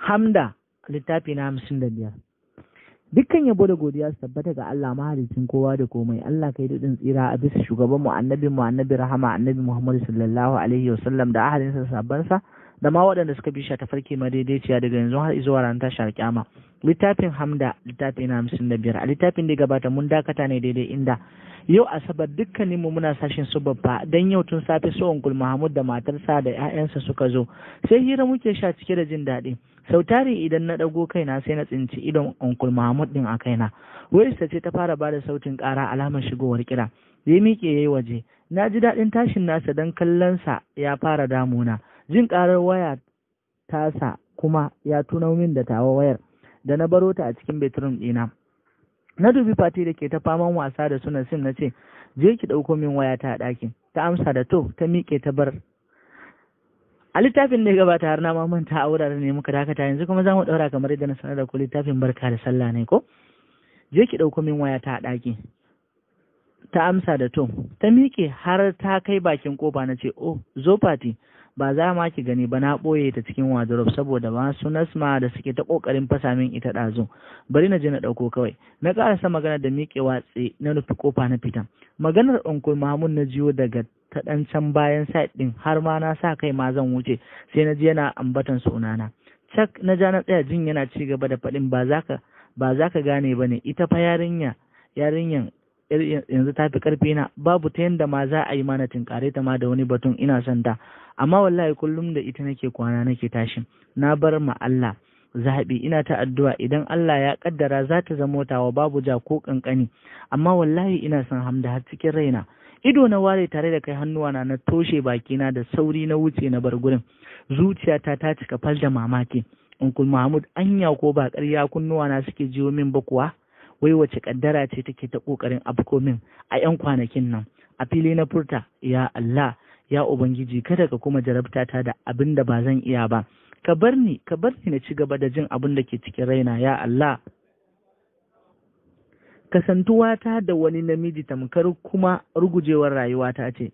hamda littafi na hamsin da biyar dukkan yabo da godiya su tabbata ga Allah mahalicin kowa da komai Allah kai daɗin tsira a bisa shugaban mu annabi mu annabi rahama annabi muhammadu sallallahu alaihi wa sallam da ahalinsa sabbansa da ma waɗanda suka bi ta farki madaidaiciya daga yanzu har zuwa ran tashar kyama littafin hamda littafi na hamsin da biyar a littafin da gabata mun dakata ne daidai inda yau asabar dukkaninmu muna sashen su babba don yau tun safe so Mahmud da matarsa da 'ya'yansa suka zo sai hira muke sha cike da jin daɗi sau tari idan na ɗago kaina sai na tsinci idon onkul mahmud din a kaina wayarsa ce ta fara bada sautin ƙara alamar shigowar kira ya miƙe yi waje na ji daɗin tashin nasa don sa ya fara damuna jin ƙarar waya tasa kuma ya tuna min da tawa wayar da na baro ta a cikin bedroom ɗina na dubi fati da ke ta faman wasa da suna sim na ce je ki ɗauko min waya ta ɗakin ta amsa da to ta miƙe ta bar a littafin da ya gabata har na manta a wuraren ne muka dakata yanzu kuma za mu ɗaura kamar yadda na sanar da ku littafin barka da sallah ne ko je ki ɗauko min waya ta ɗaki ta amsa da to ta miƙe har ta kai bakin kofa na ce oh zo fati ba za ma ki gani ba na ɓoye ta cikin wardrobe saboda ba su nasma da suke ta ƙoƙarin fasa min ita ɗazu bari na je na dauko kawai na ƙarasa magana da miƙe watsi na nufi kofa na fita maganar uncle mahamun na jiyo daga ta ɗan can bayan side ɗin har ma na sa kai ma zan wuce sai na ji yana ambatan sunana cak na ja na tsaya jin yana ci gaba da faɗin ba za ka ba za ka gane ba ne ita fa yarinya yarinyan yanzu ta fi ƙarfi na babu ta yanda ma za a yi mana tinkare ta ma da wani batun ina son ta amma wallahi kullum da ita nake kwana nake tashi na bar ma Allah zaɓi ina ta addu'a idan Allah ya kaddara za ta zamo tawa babu ja ko kankani amma wallahi ina son hamda har cikin raina ido na ware tare da kai hannuwana na toshe bakina da sauri na wuce na bar gurin zuciyata ta cika fal da mamaki unkul mahmud anya ko ba ƙarya kunnuwana suke jiyo min ba kuwa wai wace kaddara ce take ta kokarin afko min a yan kwanakin nan a fili na furta ya allah ya ubangiji kada ka kuma jarabta ta da abinda da ba zan iya ba ka bar ni ka bar ni na ci gaba da jin abin da ke cikin raina ya allah kasantuwata da wani namiji tamkar kuma rugujewar rayuwata ce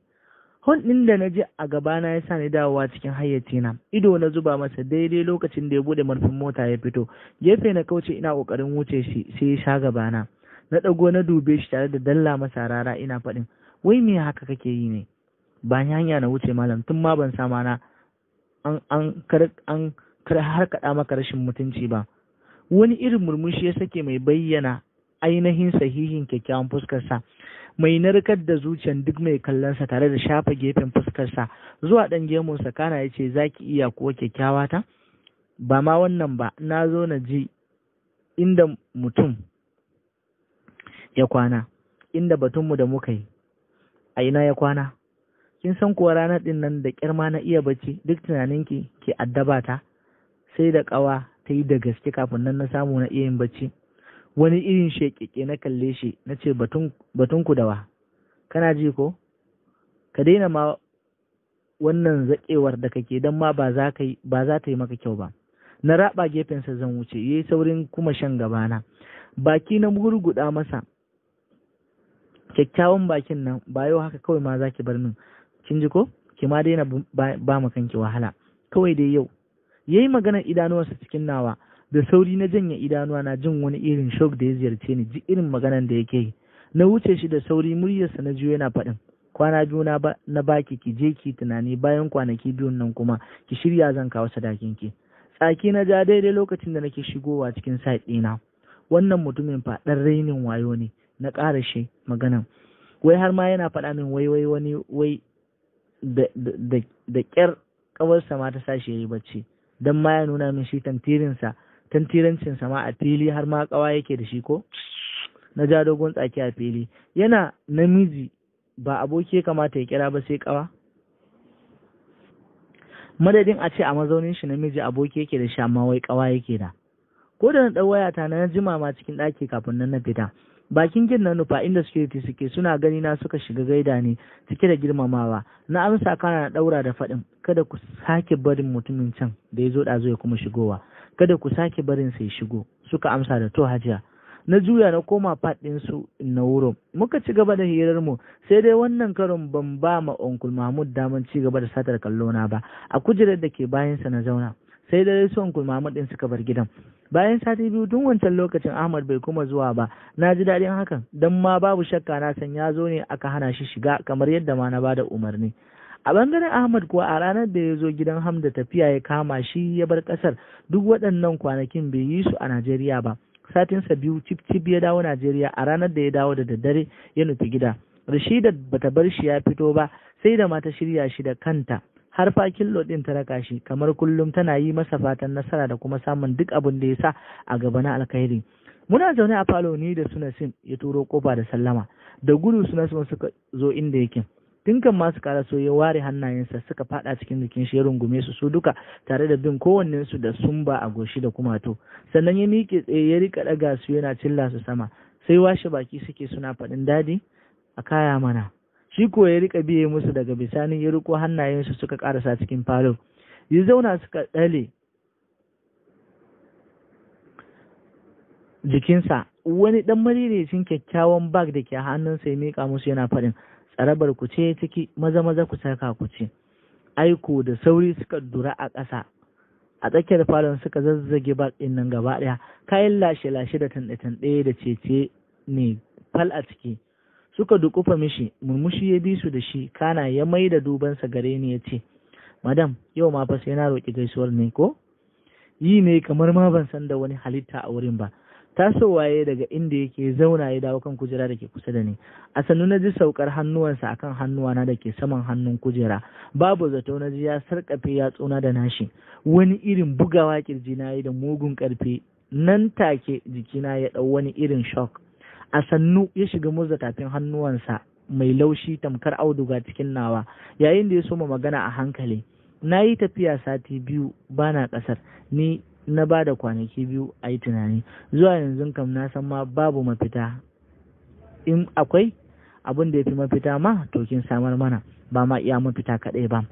hon ɗin da na ji a gabana ya sa ni dawowa cikin hayyacina ido na zuba masa daidai lokacin da ya bude marfin mota ya fito gefe na kauce ina ƙoƙarin wuce shi sai ya sha gabana na ɗago na dube shi tare da dalla masa rara ina faɗin wai me haka kake yi ne ba ni hanya na wuce malam tun ma ban sama na an an maka rashin mutunci ba wani irin murmushi ya sake mai bayyana ainihin sahihin kyakkyawan fuskarsa mai narkar da zuciyar duk mai kallonsa tare da shafa gefen fuskarsa zuwa ɗan gemunsa kana ya ce za ki iya kuwa kyakkyawa ta ba ma wannan ba na zo na ji inda mutum ya kwana inda batunmu da muka yi a ina ya kwana kin san kuwa ranar ɗin nan da ƙyar na iya bacci duk tunaninki ke addaba ta sai da ƙawa ta yi da gaske kafin nan na samu na iya yin bacci wani irin shekeke na kalle shi na ce batun ku dawa kana ji ko ka daina ma wannan zaƙewar da kake don ma ba za ta yi maka kyau ba na raba gefensa zan wuce yayi saurin kuma shan gabana baki na murguda masa kyakkyawan bakin nan ba yau haka kawai ma za ki bar min kin ji ko ki ma daina ba mu kanki wahala kawai dai yau yayi maganar idanuwarsa cikin nawa da sauri na janye idanuwa na jin wani irin shock da ya ziyarce ni ji irin maganan da yake yi na wuce shi da sauri muryarsa na juyo yana faɗin kwana biyu na baki ki je ki tunani bayan kwanaki biyun nan kuma ki shirya zan kawo sadakin ki tsaki na ja daidai lokacin da nake shigowa cikin site ɗina wannan mutumin faɗan rainin wayo ne na ƙara shi maganan wai har ma yana faɗa min wai wai wani wai da ƙyar ƙawarsa ma ta sashi ya yi bacci don ma ya nuna min shi tantirinsa tantirancin sama a fili har ma kawa yake da shi ko na ja dogon tsaki a fili yana namiji ba aboki ya kamata ya kira ba sai kawa madadin a ce a mazaunin shi namiji aboki yake da shi amma wai kawa yake da ko da na ɗau wayata na jima ma cikin ɗaki kafin nan na fita bakin gin na nufa inda security suke suna gani na suka shiga gaida ne cike da girmamawa na amsa kana na ɗaura da faɗin kada ku sake barin mutumin can da ya zo ɗazu ya kuma shigowa kada ku sake barin sai shigo suka amsa da to hajiya na juya na koma faɗin su na wurin muka ci gaba da hirar mu sai dai wannan karon ban ba ma onkul mahmud daman ci gaba da satar kallona ba a kujerar da ke bayan sa na zauna sai dai su onkul mahmud din suka bar gidan bayan sati biyu tun wancan lokacin ahmad bai kuma zuwa ba na ji daɗin hakan don ma babu shakka na san ya zo ne aka hana shi shiga kamar yadda ma na bada umarni a bangaren ahmad kuwa a ranar da ya zo gidan hamda tafiya ya kama shi ya bar kasar duk waɗannan kwanakin bai yi su a najeriya ba satinsa biyu cip ya dawo najeriya a ranar da ya dawo da daddare ya nufi gida rashida bata bar shi ya fito ba sai da mata shirya shi da kanta har fakin lodin ta raka shi kamar kullum tana yi masa fatan nasara da kuma samun duk abin da ya sa a gaba na alkhairi muna zaune a falo ni da sunasin ya turo kofa da sallama da gudu sunasin suka zo inda yake tun kan masu karaso ya ware hannayensa suka fada cikin jikin shi ya rungume su su duka tare da bin kowanne su da sumba a goshi da kumato sannan ya miƙe tsaye ya rika daga su yana cilla su sama sai washe baki suke suna faɗin dadi a kaya mana shi ko ya rika biye musu daga bisani ya riko hannayensu suka karasa cikin falo ya zauna suka dale jikinsa wani ɗan mariricin kyakkyawan bag da ke hannunsa ya miƙa musu yana faɗin tsarabar ku ce ciki maza maza ku saka ku ce aiko da sauri suka dura a ƙasa a tsakiyar falon suka zazzage bakin nan gaba ɗaya kayan lashe lashe da tanɗe-tanɗe da cece ne fal a ciki suka dukufa mishi murmushi ya bi su da shi kana ya mai da dubansa gare ni ya ce madam yau ma fa sai na roƙi gaisuwar ne ko yi ne kamar ma ban san da wani halitta a wurin ba waye daga inda yake zauna ya dawo kan kujera da ke kusa da ni a sannu na ji saukar hannuwansa akan hannuwana da ke saman hannun kujera babu zato na ji ya sarkafe tsona da nashi wani irin bugawa kirji na yi da mugun karfe nan take jikina ya ɗau wani irin shock a sannu ya shiga murza tafin hannuwansa mai laushi tamkar auduga cikin nawa yayin da ya soma magana a hankali na yi tafiya sati biyu bana ƙasar ni na ba da kwanaki biyu a yi tunani zuwa yanzu kam na san ma babu mafita in akwai abin da ya fi mafita ma to samar mana ba ma iya mafita kaɗai ba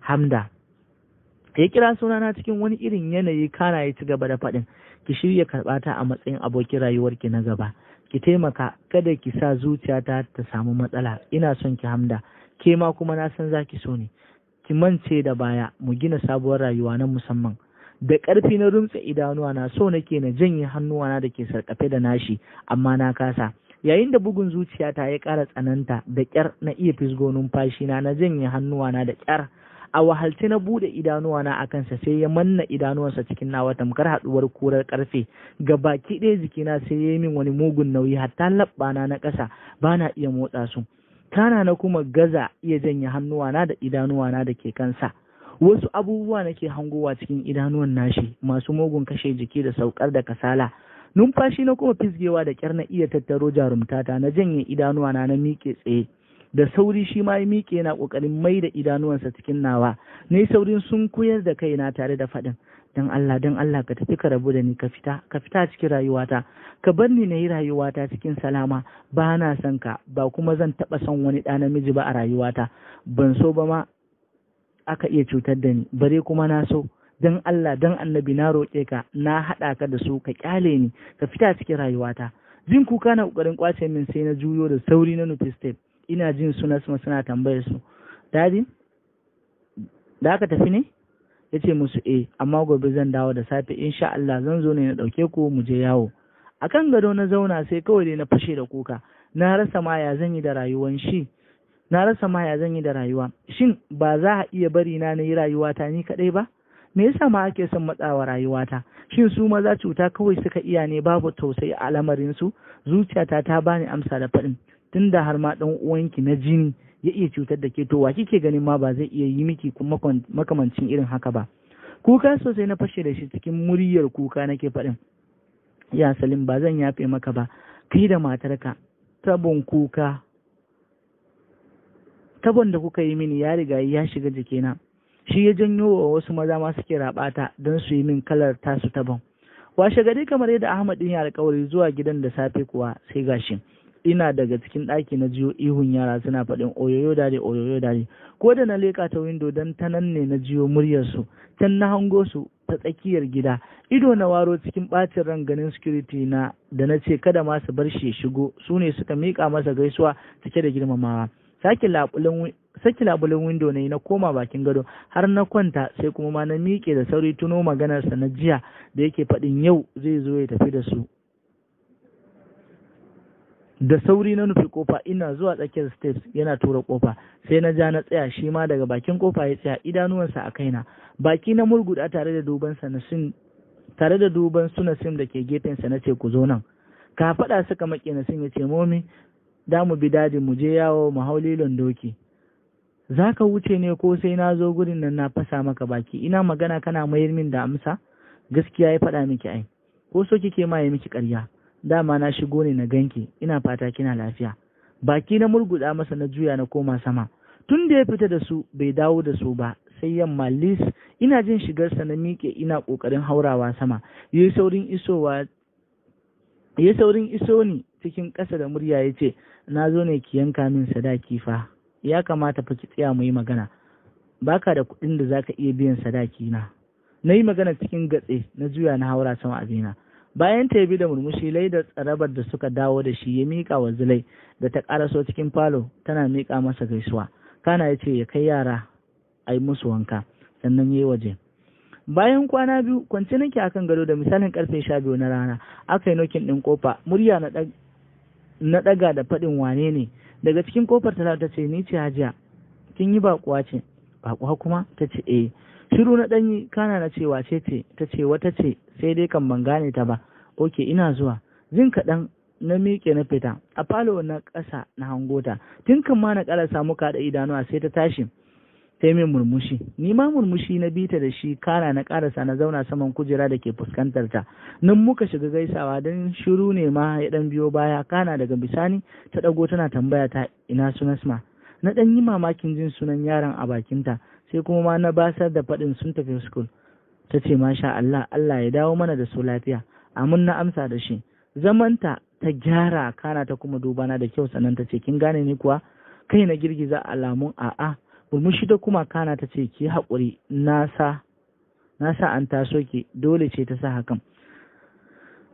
hamda ya kira sunana cikin wani irin yanayi kana ya ci gaba da faɗin ki shirya karɓa ta a matsayin abokin rayuwarki na gaba ki taimaka kada ki sa zuciyata ta samu matsala ina son ki hamda ke ma kuma na san zaki so ne ki mance da baya mu gina sabuwar rayuwa na musamman da ƙarfi na rumtse idanuwa na so nake na janye hannuwana da ke sarƙafe da nashi amma na kasa yayin da bugun zuciyata ya ƙara tsananta da ƙyar na iya fisgo numfashi na na janye hannuwana da ƙyar a wahalce na buɗe idanuwana a kansa sai ya manna idanuwansa cikin nawa tamkar haɗuwar kurar ƙarfe ga baki ɗaya jikina sai ya yi min wani mugun nauyi hatta labbana na ƙasa ba na iya motsa su kana na kuma gaza iya janye hannuwana da idanuwana da ke kansa wasu abubuwa nake hangowa cikin idanuwan nashi masu mugun kashe jiki da saukar da kasala numfashi na kuma fisgewa da kyar na iya tattaro jarumtata na janye idanuwa na na miƙe tsaye da sauri shi ma ya miƙe yana ƙoƙarin mai da idanuwansa cikin nawa na saurin sun koyar da kaina tare da faɗin don Allah don Allah ka tafi ka rabu da ni ka fita ka fita cikin rayuwata ka bar ni na yi rayuwata cikin salama ba na son ka ba kuma zan taɓa son wani ɗa namiji ba a rayuwata ban so ba ma aka iya cutar da ni bare kuma na so dan Allah dan annabi na roƙe ka na haɗa ka da su ka kyale ni ka fita cikin rayuwata jin kuka na ƙoƙarin kwace min sai na juyo da sauri na nufi step ina jin suna suna tambayar su dadi da aka tafi ne ya ce musu eh amma gobe zan dawo da safe insha Allah zan zo ne na ɗauke ku mu je yawo akan gado na zauna sai kawai dai na fashe da kuka na rasa ma ya zan yi da rayuwan shi na rasa ma ya zan yi da rayuwa shin ba za a iya bari na na yi rayuwa ta ni kaɗai ba me yasa ma ake son matsawa rayuwa ta? shin su maza cuta kawai suka iya ne babu tausayi a lamarin su? zuciyata ta bani amsa da faɗin tunda har ma ɗan uwanki na jini ya iya cutar da ke to wa kike ganin ma ba zai iya yi miki makamancin irin haka ba kuka sosai na fashe da shi cikin muryar kuka nake faɗin ya salim ba zan yafe maka ba kai da matarka tabon kuka tabon da kuka yi mini ya riga ya shiga jikina shi ya janyo wa wasu maza ma suke rabata don su yi min kalar tasu tabon washe gari kamar yadda Ahmad din ya alkawari zuwa gidan da safe kuwa sai gashi ina daga cikin ɗaki na jiyo ihun yara suna faɗin oyoyo dare oyoyo dare ko da na leƙa ta windo don ta nan ne na jiyo muryarsu can na hango su ta tsakiyar gida ido na waro cikin ɓacin ran ganin security na da na ce kada masu bar shi shigo su ne suka miƙa masa gaisuwa cike da girmamawa saki labulin saki labulin window ne na koma bakin gado har na kwanta sai kuma ma na miƙe da sauri tuno maganar sa na jiya da yake faɗin yau zai zo ya tafi da su da sauri na nufi kofa ina zuwa tsakiyar steps yana tura kofa sai na ja na tsaya shi ma daga bakin kofa ya tsaya idanuwansa a kaina baki na murguda tare da duban sanasin tare da duban suna sim da ke gefen na ce ku zo nan ka faɗa suka maƙe na sim ya ce momi da mu bi dadi, mu je yawo mu hau lilon doki za ka wuce ne ko sai na zo gurin nan na fasa maka baki ina magana kana mayar min da amsa gaskiya ya faɗa miki ai ko so kike ma ya miki karya? dama na shigo ne na ganki ina fata kina lafiya baki na murguɗa masa na juya na koma sama tun da ya fita da su bai dawo da su ba sai yamma lis ina jin shigarsa na miƙe ina ƙoƙarin haurawa sama yayi saurin isowa saurin iso ni cikin ƙasa da murya ya ce na zo ne ki yanka min sadaki fa ya kamata fa ki tsaya mu yi magana baka da kuɗin da zaka iya biyan sadaki na na yi magana cikin gatse na juya na haura sama abina bayan ta bi da murmushi laidar tsarabar da suka dawo da shi ya miƙa wa zulai da ta ƙaraso cikin falo tana miƙa masa gaisuwa kana ya ce ya kai yara ai musu wanka sannan ya yi waje bayan kwana biyu kwanci nake akan gado da misalin karfe sha biyu na rana aka yi nokin ɗin kofa murya na na ɗaga da faɗin wane ne daga cikin kofar talatu ta ce ni ce hajiya kin yi baƙuwa ce baƙuwa kuma ta ce eh shiru na ɗanyi kana na ce wace ce ta ce wata ce sai dai kan ban gane ta ba oke ina zuwa jin kaɗan na miƙe na fita a falo na ƙasa na hangota tun kan ma na ƙara samu kaɗa idanuwa sai ta tashi sai min murmushi ni ma murmushi na bita da shi kara na karasa na zauna saman kujera da ke fuskantar ta nan muka shiga gaisawa don shiru ne ma ya dan biyo baya kana daga bisani ta dago tana tambaya ta ina sunasma na dan yi mamakin jin sunan yaron a bakinta sai kuma ma na basar da faɗin sun tafi school ta ce masha Allah Allah ya dawo mana da su lafiya amin na amsa da shi zamanta ta gyara kana ta kuma duba na da kyau sannan ta ce kin gane ni kuwa kai na girgiza alamun a'a murmushi da kuma kana ta ce ki haƙuri na sa an taso ki dole ce ta sa hakan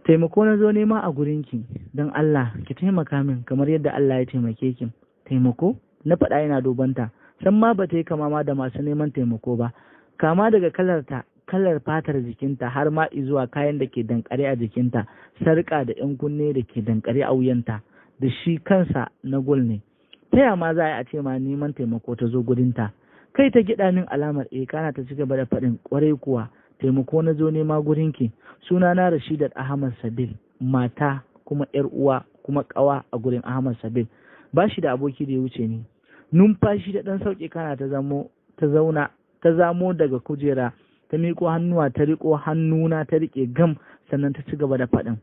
taimako na zo nema a gurinki don Allah ki taimaka min kamar yadda Allah ya taimake ki taimako na faɗa yana dubanta san ma ba ta yi kama ma da masu neman taimako ba kama daga kalarta kalar fatar jikinta har ma zuwa kayan da ke dankare a jikinta sarƙa da 'yan kunne da ke dankare a wuyanta da shi kansa na gul ne ta yama za a ce ma neman taimako ta zo gudunta kai ta gida min alamar e kana ta cigaba da faɗin kwarai kuwa taimako na zo nema gurinki suna na rashidat ahmad sabil mata kuma yar uwa kuma ƙawa a gurin ahmad sabil ba shi da aboki da ya wuce ni numfashi da ɗan sauƙi kana ta zamo ta zauna ta zamo daga kujera ta miƙo hannuwa ta riƙo hannuna ta riƙe gam sannan ta ci gaba da faɗin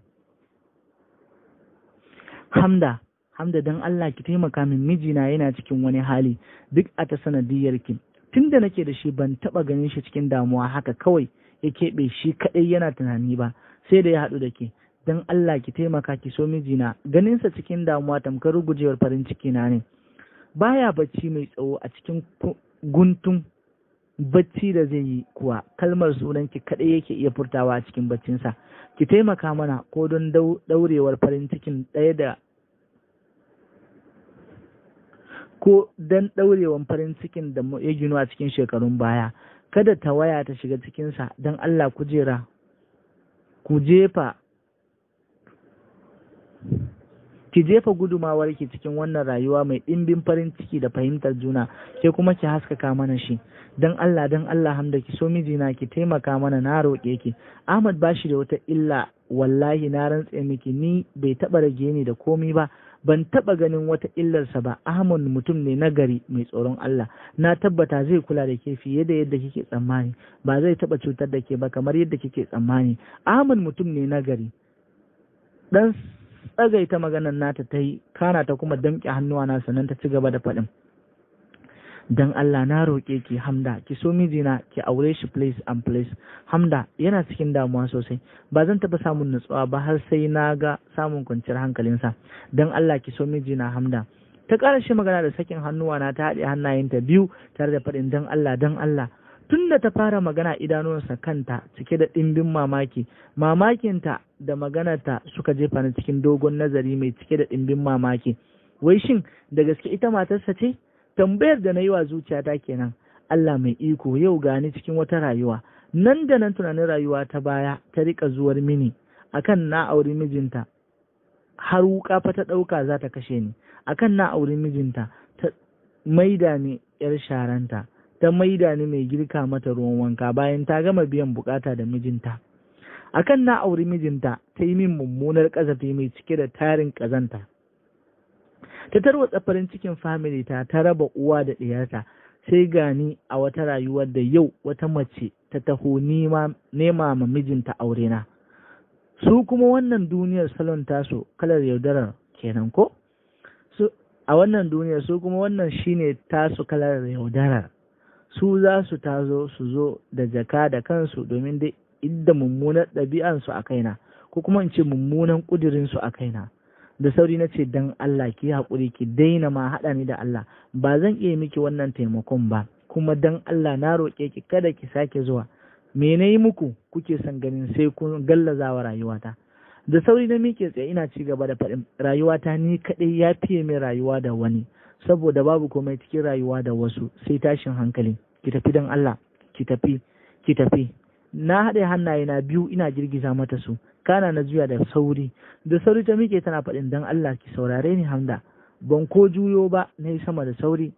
hamda hamda dan Allah ki taimaka min mijina yana cikin wani hali duk a ta sanadiyar ki tun da nake da shi ban taba ganin shi cikin damuwa haka kawai ya keɓe shi kaɗai yana tunani ba sai da ya haɗu da ke dan Allah ki taimaka ki so mijina ganinsa cikin damuwa tamkar gujewar farin ciki na ne baya bacci mai tsawo a cikin guntun bacci da zai yi kuwa kalmar sunan ki kaɗai yake iya furtawa a cikin baccinsa ki taimaka mana ko don daurewar farin cikin ɗaya da ko don ɗaurewan farin cikin da ya ginu a cikin shekarun baya kada ta waya ta shiga cikinsa don Allah ku jera ku jefa ki jefa gudumawarki cikin wannan rayuwa mai ɗimbin farin ciki da fahimtar juna ke kuma ki haskaka mana shi don Allah don Allah hamda ki so mijina ki taimaka mana na roƙe ki Ahmad bashi da wata illa wallahi na rantse miki ni bai taɓa rage ni da komi ba ban taɓa ganin wata illarsa ba Ahmad mutum ne nagari mai tsoron Allah na tabbata zai kula da ke fiye da yadda kike tsammani ba zai taɓa cutar da ke ba kamar yadda kike tsammani Ahmad mutum ne nagari. gari dan tsagaita maganar nata ta yi kana ta kuma damƙe hannuwa na sannan ta ci gaba da faɗin dan Allah na roƙe ki Hamda ki so mijina ki aure shi place and place Hamda yana cikin damuwa sosai ba zan taɓa samun nutsuwa ba har sai na ga samun kwanciyar hankalinsa dan Allah ki so mijina Hamda ta ƙara shi magana da sakin hannuwa na ta haɗe hannayenta biyu tare da faɗin dan Allah dan Allah tun da ta fara magana idanunsa kanta cike da ɗimbin mamaki mamakinta da maganarta suka jefa ni cikin dogon nazari mai cike da ɗimbin mamaki wai shin da gaske ita matarsa ce tambayar da na yi wa zuciyata kenan Allah mai iko yau gani cikin wata rayuwa nan da nan tunanin rayuwa ta baya ta rika zuwar mini akan na auri mijinta har wuka fa ta ɗauka za ta kashe ni akan na auri mijinta ta maida ni yar sharanta ta maida ni mai girka mata ruwan wanka bayan ta gama biyan bukata da mijinta akan na auri mijinta ta yi min mummunar ƙazafi mai cike da tarin ƙazanta ta tarwatsa farin cikin famili ta ta raba uwa da ɗiyarta sai gani a wata rayuwa da yau wata mace ta taho nema ma mijinta aurena. na su kuma wannan duniyar salon taso kalar yaudarar kenan ko a wannan duniyar su kuma wannan shine tasu kalar yaudarar su za su tazo su zo da jaka da kansu domin dai idda mummunar ɗabi'ansu a kaina ko kuma in ce mummunan ƙudurinsu a kaina da sauri na ce don Allah ki haƙuri ki daina ma haɗa ni da Allah ba zan iya miki wannan taimakon ba kuma don Allah na roƙe ki kada ki sake zuwa me na yi muku kuke son ganin sai kun gallazawa rayuwata da sauri na miƙe tsaye ina ci gaba da faɗin rayuwata ni kaɗai ya fiye min rayuwa da wani saboda babu komai cikin rayuwa da wasu sai tashin hankali ki tafi don Allah ki tafi ki tafi na haɗe hannaye na biyu ina girgiza mata su kana na juya da sauri da sauri ta miƙe tana faɗin dan Allah ki saurare ni hamda ban ko juyo ba na yi sama da sauri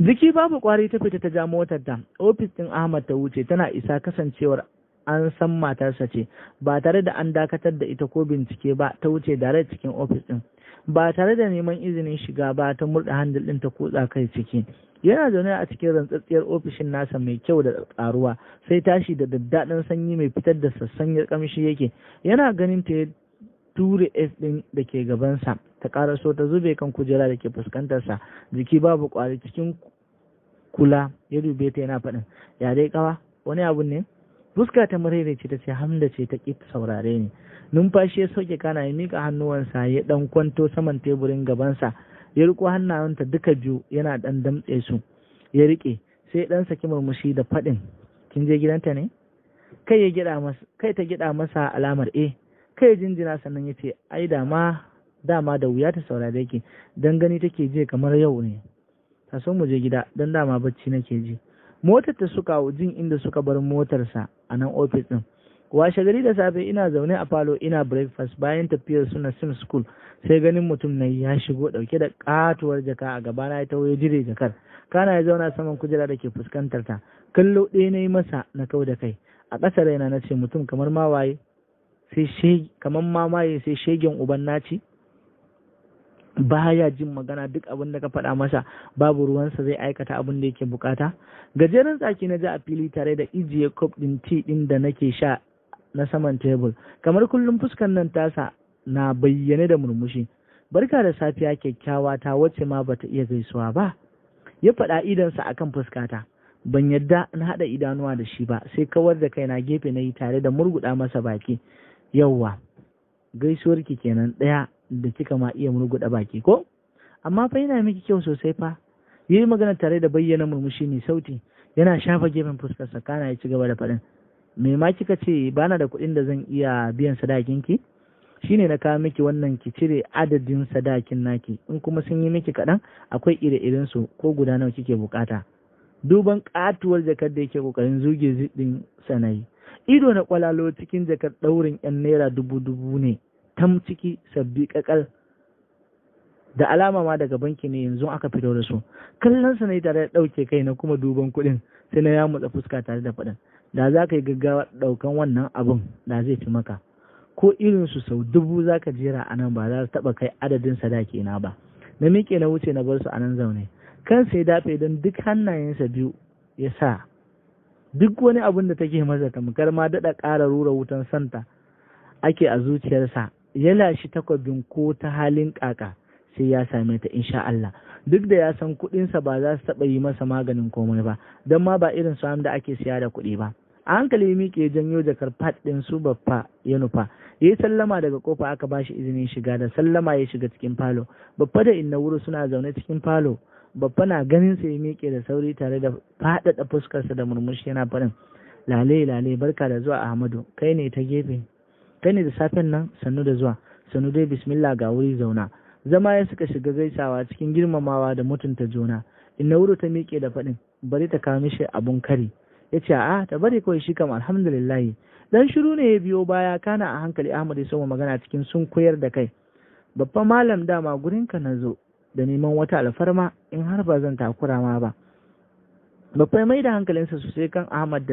jiki babu kwari ta fita ta ja motar ta ofis ɗin Ahmad ta wuce tana isa kasancewar an san matarsa ce ba tare da an dakatar da ita ko bincike ba ta wuce dare cikin ofis ɗin. ba tare da neman izinin shiga ba ta murda handil ɗin ta kutsa kai ciki yana zaune a cikin rantsatsiyar ofishin nasa mai kyau da tsaruwa, sai tashi da daddaɗin sanyi mai fitar da sassanyar kamshi yake yana ganin ta ture S ɗin da ke gabansa ta ƙaraso ta zube kan kujera da ke fuskantarsa jiki babu ƙwari cikin kula ya dube ta yana faɗin ya dai kawa wani abun ne fuska ta murere ce ta ce hamda ce ta ƙi saurare ne. numfashi ya sauke kana ya miƙa hannuwansa ya ɗan kwanto saman teburin gabansa ya riko hannayenta duka biyu yana ɗan damtse su ya riƙe sai ɗan saki murmushi da faɗin kin je gidanta ne kai ya gida masa kai ta gida masa alamar eh kai jinjina sannan ya ce ai dama dama da wuya ta saurare ki dan gani take je kamar yau ne ta so mu je gida dan dama bacci nake ji motar ta suka jin inda suka bar motarsa a nan ofis din washe gari da safe ina zaune a falo ina breakfast bayan tafiyar suna sim school sai ganin mutum na ya shigo dauke da katuwar jaka a gabana na ta waye jire jakar kana ya zauna saman kujera da ke fuskantar ta kallo ɗaya na yi masa na kau da kai a ƙasa raina na ce mutum kamar ma sai shege kamar ma maye sai shegen uban naci baya jin magana duk abin da ka faɗa masa babu ruwansa zai aikata abin da yake bukata gajeren tsaki na ji a fili tare da ijiye kop ɗin ti ɗin da nake sha na saman tebur kamar kullum fuskan nan tasa na bayyane da murmushi barka da safiya kyakkyawa ta wacce ma bata iya gaisuwa ba ya faɗa idansa akan fuskata ban yadda na haɗa idanuwa da shi ba sai kawar da kaina gefe na yi tare da murguɗa masa baki yauwa gaisuwar ki kenan ɗaya da kika ma iya murguɗa baki ko amma fa yana miki kyau sosai fa yi magana tare da bayyana murmushi ne sauti yana shafa gefen fuskarsa kana ya ci gaba da faɗin me ma kika ce ba na da kuɗin da zan iya biyan sadakin ki ne na kawo miki wannan ki cire adadin sadakin naki in kuma sun yi miki kaɗan akwai ire irinsu ko guda nawa kike bukata duban katuwar jakar da yake kokarin zuge zidin sanayi ido na kwalalo cikin jakar ɗaurin yan naira dubu dubu ne tam ciki sabbi kakal da alama ma daga banki ne yanzu aka fito da su kallon sanayi tare da ɗauke kai na kuma duban kuɗin sai na ya mutsa fuska tare da faɗin da za ka yi gaggawa ɗaukan wannan abun da zai fi maka ko irinsu sau dubu za ka jera a nan ba za su taɓa kai adadin sadaki na ba na miƙe na wuce na bar su a nan zaune kan sai dafe don duk hannayensa biyu ya sa duk wani abun da take masa tamkar ma daɗa ƙara rura wutan santa ake a zuciyarsa ya lashi takwabin ko ta halin ƙaƙa sai ya same ta insha Allah duk da ya san kuɗinsa ba za su taɓa yi masa maganin komai ba don ma ba irin su da ake siya da kuɗi ba a hankali ya miƙe janyo jakar fat ɗin su baffa ya nufa ya sallama daga kofa aka shi izinin shiga da sallama ya shiga cikin falo baffa da inna wuri suna zaune cikin falo baffa na ganin sa ya miƙe da sauri tare da faɗaɗa fuskarsa da murmushi yana faɗin lale lale barka da zuwa ahmadu kai ne ta gefe kai ne da safen nan sannu da zuwa sannu dai bismillah ga wuri zauna zama ya suka shiga gaisawa cikin girmamawa da mutunta juna inna wuri ta miƙe da faɗin bari ta kawo mishi abun kari ya ce a ta bari kawai shi kam alhamdulillah dan shiru ne ya biyo baya kana a hankali Ahmad ya soma magana cikin sun koyar da kai babban malam dama gurinka na zo da neman wata alfarma in har ba zan takura ma ba babban mai da hankalinsa sosai kan Ahmad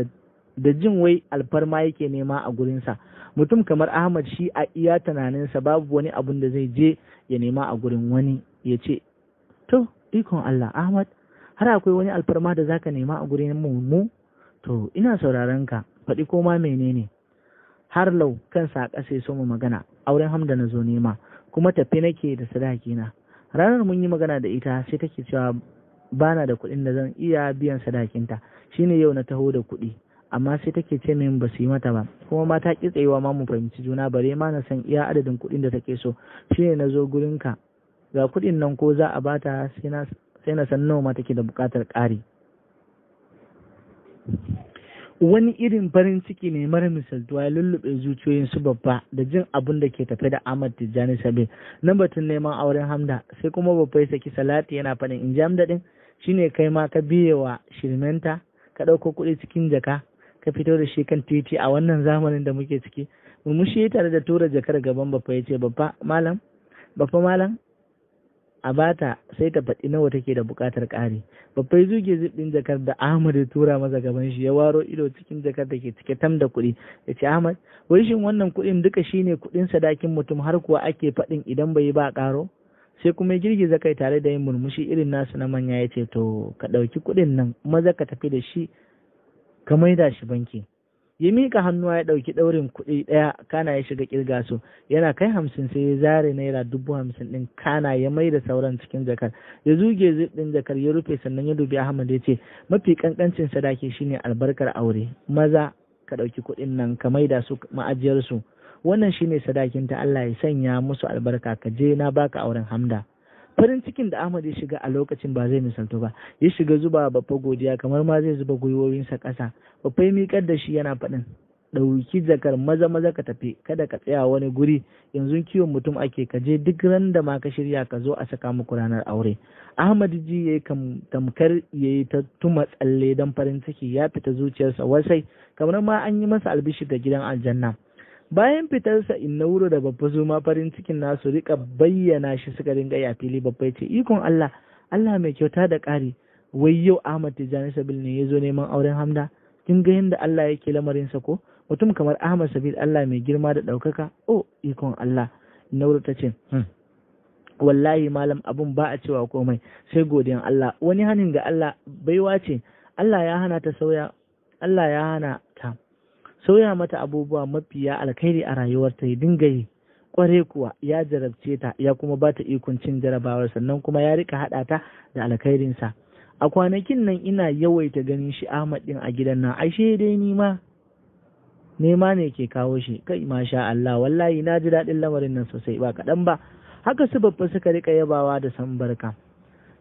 da jin wai alfarma yake nema a gurinsa mutum kamar ahmad shi a iya tunaninsa babu wani abun da zai je ya nema a gurin wani ya ce to ikon allah ahmad har akwai wani alfarma da zaka nema a gurin mu To, ina sauraron ka, faɗi koma menene. Har lau kan sa ƙasa ya so mu magana, auren hamda na zo nema, kuma tafi nake da sadaki na. Ranar mun yi magana da ita sai take cewa bana da kuɗin da zan iya biyan sadakinta, shine yau na taho da kuɗi. Amma sai take ce min ba su yi mata ba, kuma mata ta tsayewa ma mu fahimci juna bare ma na san iya adadin kuɗin da take so, shine na zo ka? Ga kuɗin nan ko za a bata sai na san nawa ma take da buƙatar ƙari. wani irin farin ciki ne mara misaltuwa ya lullube zuciyoyin su babba da jin abin da ke tafe da Ahmad Tijjani Sabir Nan batun neman auren Hamda sai kuma babba ya saki Salati yana faɗin in ji Hamda din shine kai ma ka biye wa shirmenta ka ɗauko kuɗi cikin jaka ka fito da shi kan titi a wannan zamanin da muke ciki murmushi tare da tura jakar gaban babba ya ce babba malam babba malam a bata sai ta faɗi nawa take da buƙatar ƙari babbai zuge zubin jakar da ahmad ya tura masa gaban shi ya waro ido cikin jakar da ke cike tam da kuɗi ya ce ahmad wai shin wannan kuɗin duka shine kuɗin sadakin mutum har kuwa ake faɗin idan bai ba ƙaro sai kuma girgiza kai tare da yin murmushi irin nasu na manya ya ce to ka ɗauki kuɗin nan maza ka tafi da shi ka maida shi banki ya mika hannuwa ya ɗauki ɗaurin kuɗi ɗaya kana ya shiga ƙirga su yana kai hamsin sai ya zare naira dubu hamsin ɗin kana ya mai da sauran cikin jakar ya zuge zip ɗin jakar ya rufe sannan ya dubi ahmad ya ce mafi ƙanƙancin sadaki shine albarkar aure maza ka ɗauki kuɗin nan ka mai da su ma'ajiyarsu wannan shine sadakin ta Allah ya sanya musu albarka ka je na baka auren hamda farin cikin da Ahmad ya shiga a lokacin ba zai misalto ba ya shiga zuba babba godiya kamar ma zai zuba gwiwowinsa ƙasa babba ya miƙar da shi yana faɗin ɗauki jakar maza maza ka tafi kada ka tsaya wani guri yanzu kiwon mutum ake ka je duk ran da ma ka shirya ka zo a saka muku ranar aure ahmad ji yayi tamkar yayi ta tuma tsalle dan farin ciki ya fita zuciyarsa wasai kamar ma an yi masa albishi da gidan aljanna bayan fitarsa na wuro da babba zuma farin cikin nasu rika bayyana shi suka dinga ya fili babba ce ikon Allah Allah mai kyauta da ƙari wai yau Ahmad tijani Sabil ne ya zo neman auren Hamda kin ga yadda Allah yake lamarin sa ko mutum kamar Ahmad Sabil Allah mai girma da ɗaukaka oh ikon Allah Nauru ta ce hmm. wallahi malam abun ba a cewa komai sai godiyan Allah wani hanin ga Allah baiwa ce Allah ya hana ta sauya Allah ya hana sauya mata abubuwa mafiya alkhairi a rayuwarta ya dinga yi kware kuwa ya jarabce ta ya kuma ba ta ikon cin jarabawar sannan kuma ya rika haɗa ta da alkhairinsa a kwanakin nan ina yawaita ganin shi Ahmad din a gidan nan ashe dai ni ma nema ne ke kawo shi kai masha Allah wallahi na ji daɗin lamarin nan sosai ba kaɗan ba haka su babba suka rika yabawa da san barka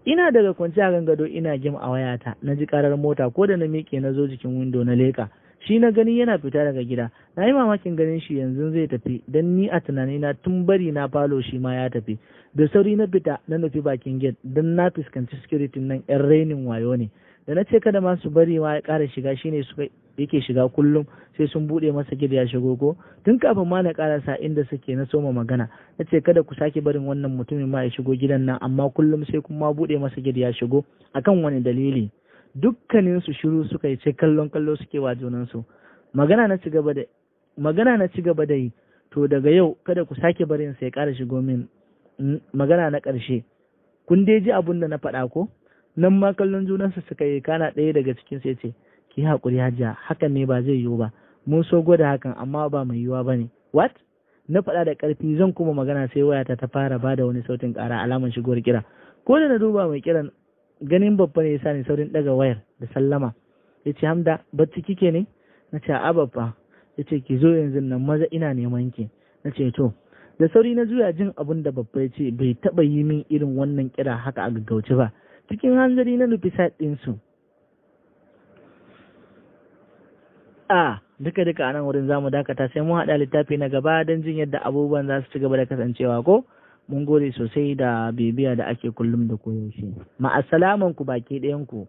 ina daga kwanciya gangado ina gim a wayata na ji karar mota ko da na miƙe na zo jikin windo na leka shi na gani yana fita daga gida na yi mamakin ganin shi yanzu zai tafi don ni a na tun bari na falo shi ma ya tafi da sauri na fita na nufi bakin gate don na fuskanci security nan yan rainin wayo ne da na ce kada masu su bari ma ya kara shiga shine suka yake shiga kullum sai sun bude masa gida ya shigo ko tun kafin ma na sa inda suke na soma magana na ce kada ku sake barin wannan mutumin ma ya shigo gidan nan amma kullum sai kuma bude masa gida ya shigo akan wani dalili dukkaninsu shiru suka yi sai kallon kallo suke wa junansu magana na cigaba da magana na cigaba da yi to daga yau kada ku sake barin sai ƙara shigo min mm, magana na ƙarshe kun dai ji abun da na faɗa ko nan ma kallon junansu suka yi kana ɗaya daga cikin sai ce ki haƙuri hajiya hakan ne ba zai yiwu ba mun so gwada hakan amma ba mai yiwuwa ba ne what na faɗa da ƙarfi zan kuma magana sai wayata ta fara bada wani sautin ƙara alamar shigowar kira ko da na duba mai kiran ganin babba ne yasa ni saurin ɗaga wayar da sallama yace hamda bacci kike ne nace a babba yace ki zo yanzu nan maza ina neman ki nace to da sauri na juya jin abin da babba ya ce bai taba yi min irin wannan kira haka a gaggauce ba cikin hanzari na nufi sa din su a duka duka anan wurin zamu dakata sai mu haɗa littafi na gaba don jin yadda abubuwan za su ci gaba da kasancewa ko mun gode sosai da bibiya da ake kullum da koyaushe ma'asalaman ku baki ɗayan ku